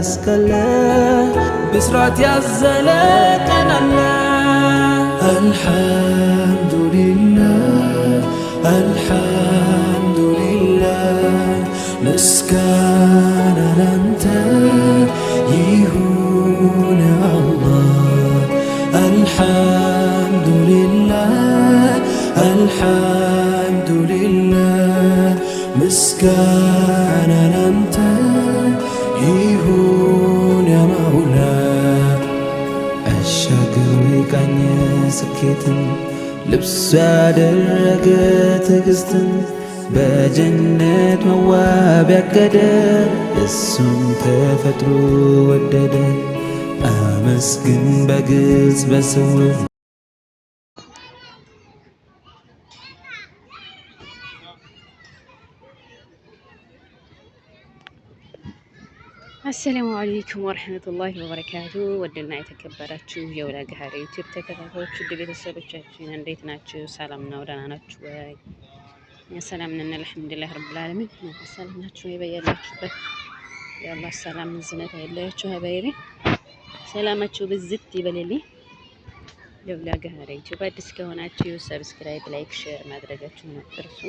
እስከ ብስራት ያዘለ ቀናለ አልሐምዱሊላህ አልሐምዱሊላህ ምስጋና ላንተ ይሁን አላህ አልሐምዱሊላህ አልሐምዱሊላህ ምስጋና ላንተ ይሁን ያማውላት አሻግሮ የቃኘ ስኬትን ልብሱ ያደረገ ትዕግስትን በጀነት መዋብ ያቀደ እሱም ተፈጥሮ ወደደ። አመስግን በግልጽ በስውር አሰላሙ አለይኩም ወረህመቱላሂ ወበረካቱ። ወድና የተከበራችሁ የወላጋ ሀገር ዩቲዩብ ተከታታዮች ውድ ቤተሰቦቻችን እንዴት ናችሁ? ሰላም ነው? ደህና ናችሁ ወይ? ሰላም ነን አልሐምዱሊላህ ረብል ዓለሚን። ሰላም ናችሁ ወይ? በያላችሁበት የአላህ ሰላም እዝነት አይለያችሁ። ሀበይቤ ሰላማችሁ ብዝት ይበልልኝ። የወላጋ ሀገር ዩቲዩብ አዲስ ከሆናችሁ ሰብስክራይብ፣ ላይክ፣ ሼር ማድረጋችሁን አትርሱ።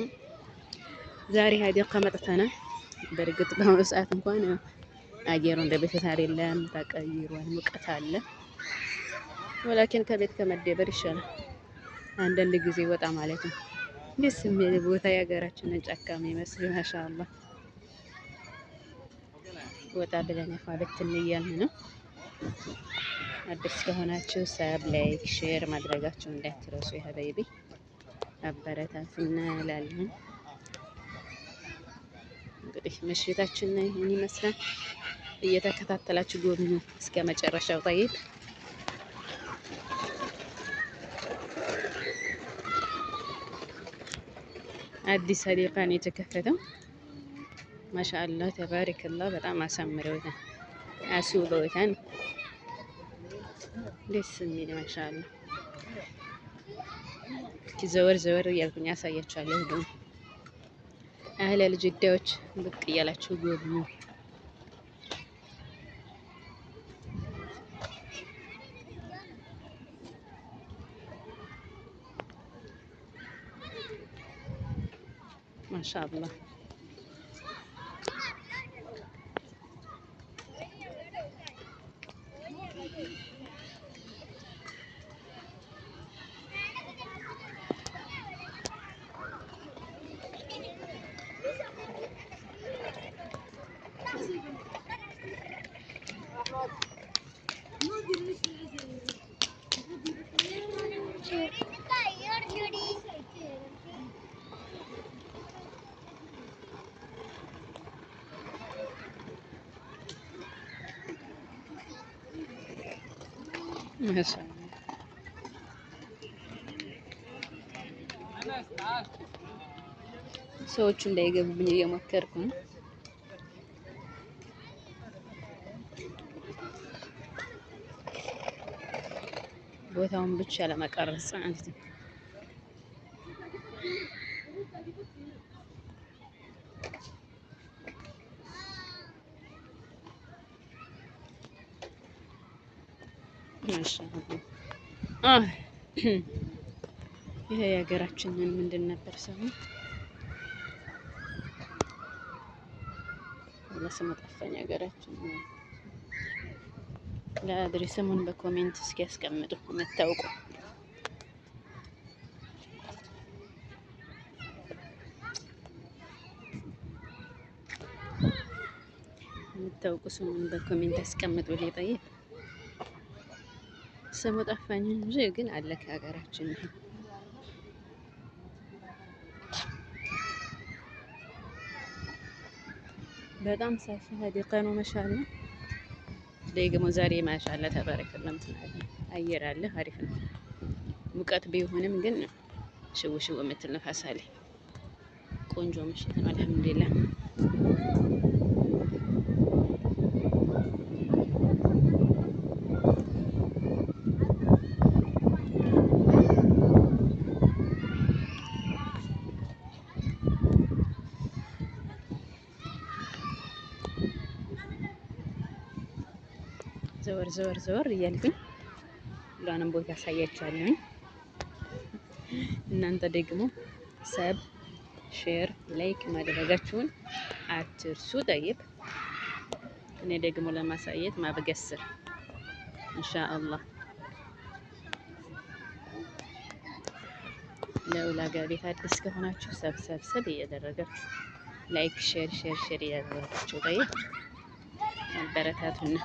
ዛሬ ሀዲያ መጥተናል። በእርግጥ በአሁኑ ሰዓት እንኳን አየሩ እንደ በፊት አይደለም፣ ተቀይሯል፣ ሙቀት አለ። ወላኪን ከቤት ከመደበር ይሻላል አንዳንድ ጊዜ ወጣ ማለት ነው። ደስ የሚል ቦታ የሀገራችንን ጫካ የሚመስል ማሻአላ። ወጣ ብለን ፋ ብትን እያልን ነው። አዲስ ከሆናችሁ ሰብ ላይክ ሼር ማድረጋችሁ እንዳትረሱ። የሀበይቢ አበረታትና ላለን እንግዲህ መሽታችን ይህን ይመስላል። እየተከታተላችሁ ጎብኙ እስከ መጨረሻው። ጠይቅ አዲስ ነው የተከፈተው ማሻአላ ተባሪክላ በጣም አሳምረውታል፣ አስውበውታል። ደስ የሚል ማሻአላ። ዘወር ዘወር እያልኩኝ ያሳያችኋለሁ። ደግሞ አህለል ጅዳዎች ብቅ እያላችሁ ጎብኙ። ما شاء الله ሰዎቹ እንዳይገቡብኝ እየሞከርኩ ነው። ቦታውን ብቻ ለመቀረጽ ማለት ነው። ይሄ የሀገራችንን ምንድን ነበር ስሙ? ለስም ጠፋኝ። ሀገራችን ለአድሬ ስሙን በኮሜንት እስኪ ያስቀምጡ የምታውቁ የምታውቁ ስሙን በኮሜንት ያስቀምጡ። ሌ ጠይቅ ስሙ ጠፋኝ እንጂ ግን አለ ከሀገራችን ነው። በጣም ሰፊ ሀዲቃ ነው። መሻለ ደግሞ ዛሬ ማሻላ ተበረከለ ምትናለ አየር አለ አሪፍ ነው። ሙቀት ቢሆንም ግን ሽው ሽው የምትል ነፋስ አለ። ቆንጆ ምሽት ነው። አልሐምዱሊላህ ዘወር ዘወር ዘወር እያልኩኝ ሁሉንም ቦታ አሳያችኋለሁኝ። እናንተ ደግሞ ሰብ ሼር፣ ላይክ ማድረጋችሁን አትርሱ። ጠይብ እኔ ደግሞ ለማሳየት ማበገስር ኢንሻአላህ ለውላጋ ቤት አዲስ ከሆናችሁ ሰብ ሰብ ሰብ እያደረጋችሁ ላይክ ሼር ሼር ሼር እያደረጋችሁ ጠይብ አበረታቱና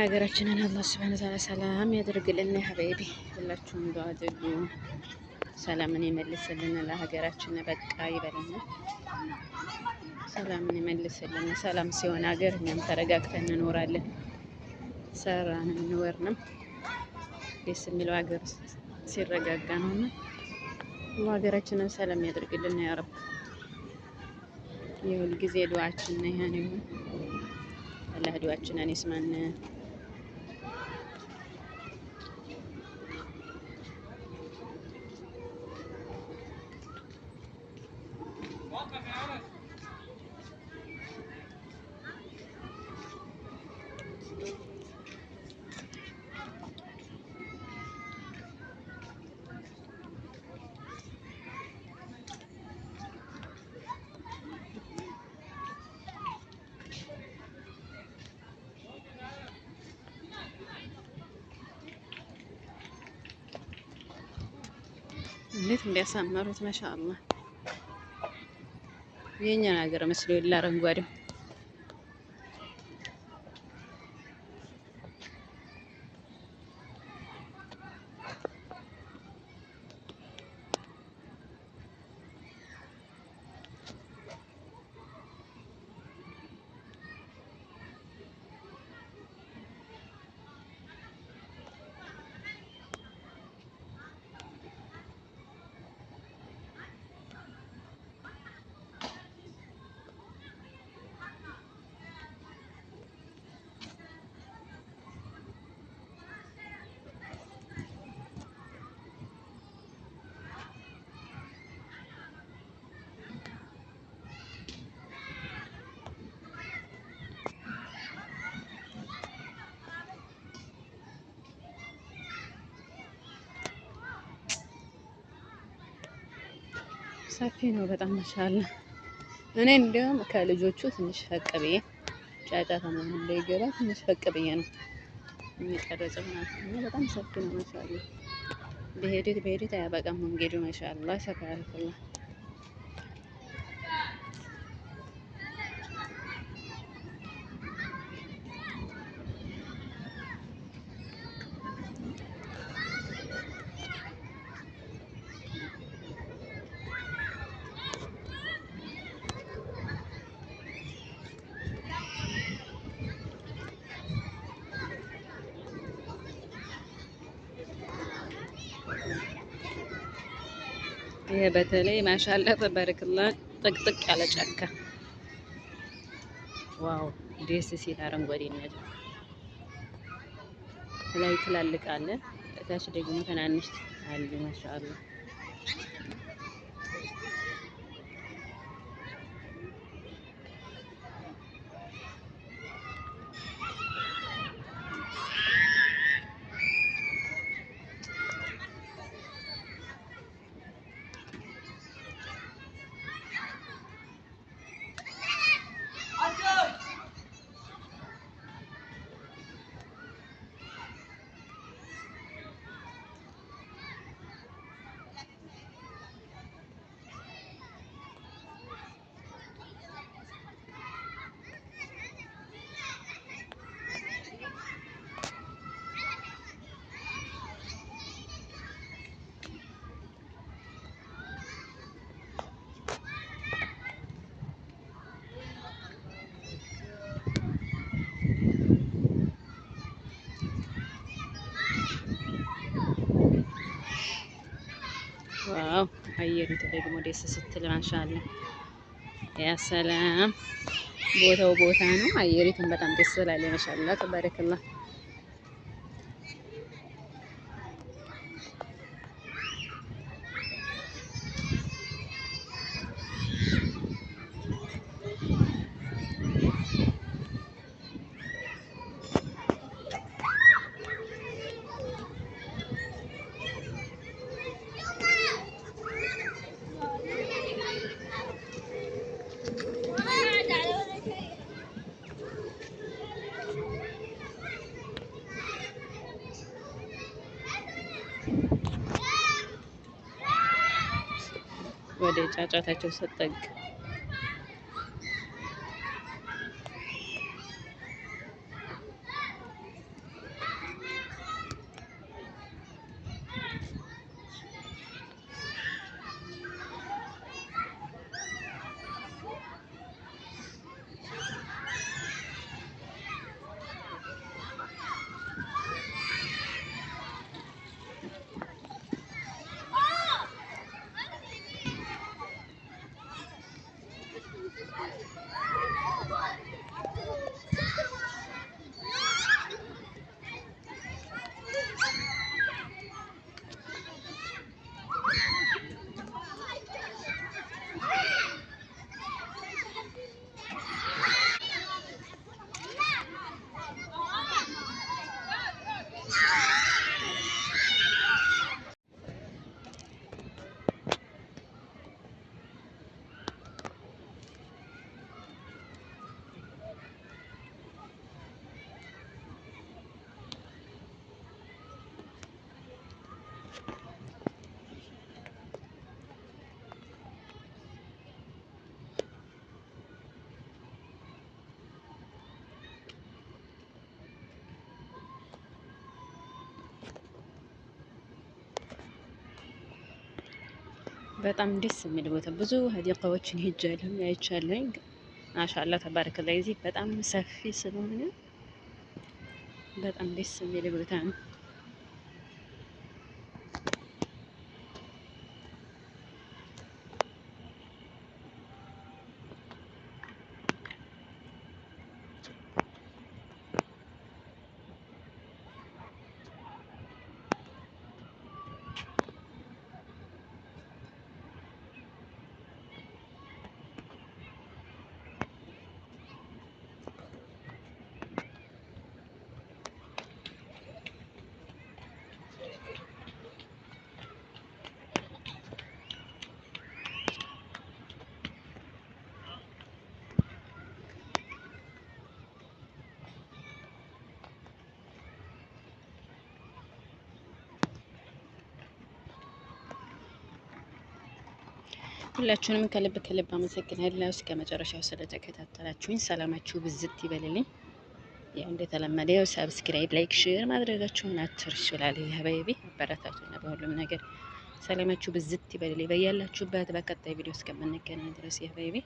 ሀገራችንን አላህ ስብሐነ ወተዓላ ሰላም ያደርግልን። ሀበይቢ ሁላችሁም ዱዓ አድርጉ፣ ሰላምን ይመልስልን። ለሀገራችን በቃ ይበልና ሰላምን ይመልስልን። ሰላም ሲሆን ሀገር እኛም ተረጋግተን እንኖራለን። ሰራንም እንወርንም ደስ የሚለው ሀገር ሲረጋጋ ነውና ሀገራችንን ሰላም ያደርግልን ያ ረብ። የሁል ጊዜ ዱዓችን ነው። ይሄን ይሁን አላህ ዱዓችንን ይስማን። እንዴት እንዲያሳመሩት መሻአላህ የእኛን ሀገር መስሎ የለ አረንጓዴው ሰፊ ነው በጣም መሻለ። እኔ እንዲያውም ከልጆቹ ትንሽ ፈቅ ብዬ ጫጫታ ምናምን እንዳይገባ ትንሽ ፈቅ ብዬ ነው የሚቀረጸው ማለት ነው። በጣም ሰፊ ነው መሻለ። በሄዴት በሄዴት አያበቃም መንገዱ መሻላ ሰፋ ያልኩላ ይሄ በተለይ ማሻላ ተበረክላ ጥቅጥቅ ያለ ጫካ ዋው ደስ ሲል አረንጓዴነቱ ላይ ትላልቅ አለ፣ እታች ደግሞ ትናንሽ አሉ። ማሻአላ አየሩት ላይ ደግሞ ደስ ስትል ማሻአላ ያ ሰላም ቦታው ቦታ ነው። አየሪቱን በጣም ደስ ስላለ ማሻአላ ተባረከላ ወደ ጫጫታቸው ሰጠግ በጣም ደስ የሚል ቦታ ብዙ ሀዲቃዎችን ሄጃለሁ አይቻለኝ። ማሻአላ ተባረከላ። እዚህ በጣም ሰፊ ስለሆነ በጣም ደስ የሚል ቦታ ነው። ሁላችሁንም ከልብ ከልብ አመሰግናለሁ እስከ መጨረሻው ስለተከታተላችሁኝ። ሰላማችሁ ብዝት ይበልልኝ። ያው እንደተለመደው ሰብስክራይብ፣ ላይክ፣ ሼር ማድረጋችሁን አትርሱ። ይችላል ሀበይቢ አበረታቱና በሁሉም ነገር ሰላማችሁ ብዝት ይበልልኝ በያላችሁበት። በቀጣይ ቪዲዮ እስከምንገናኝ ድረስ ሀበይቢ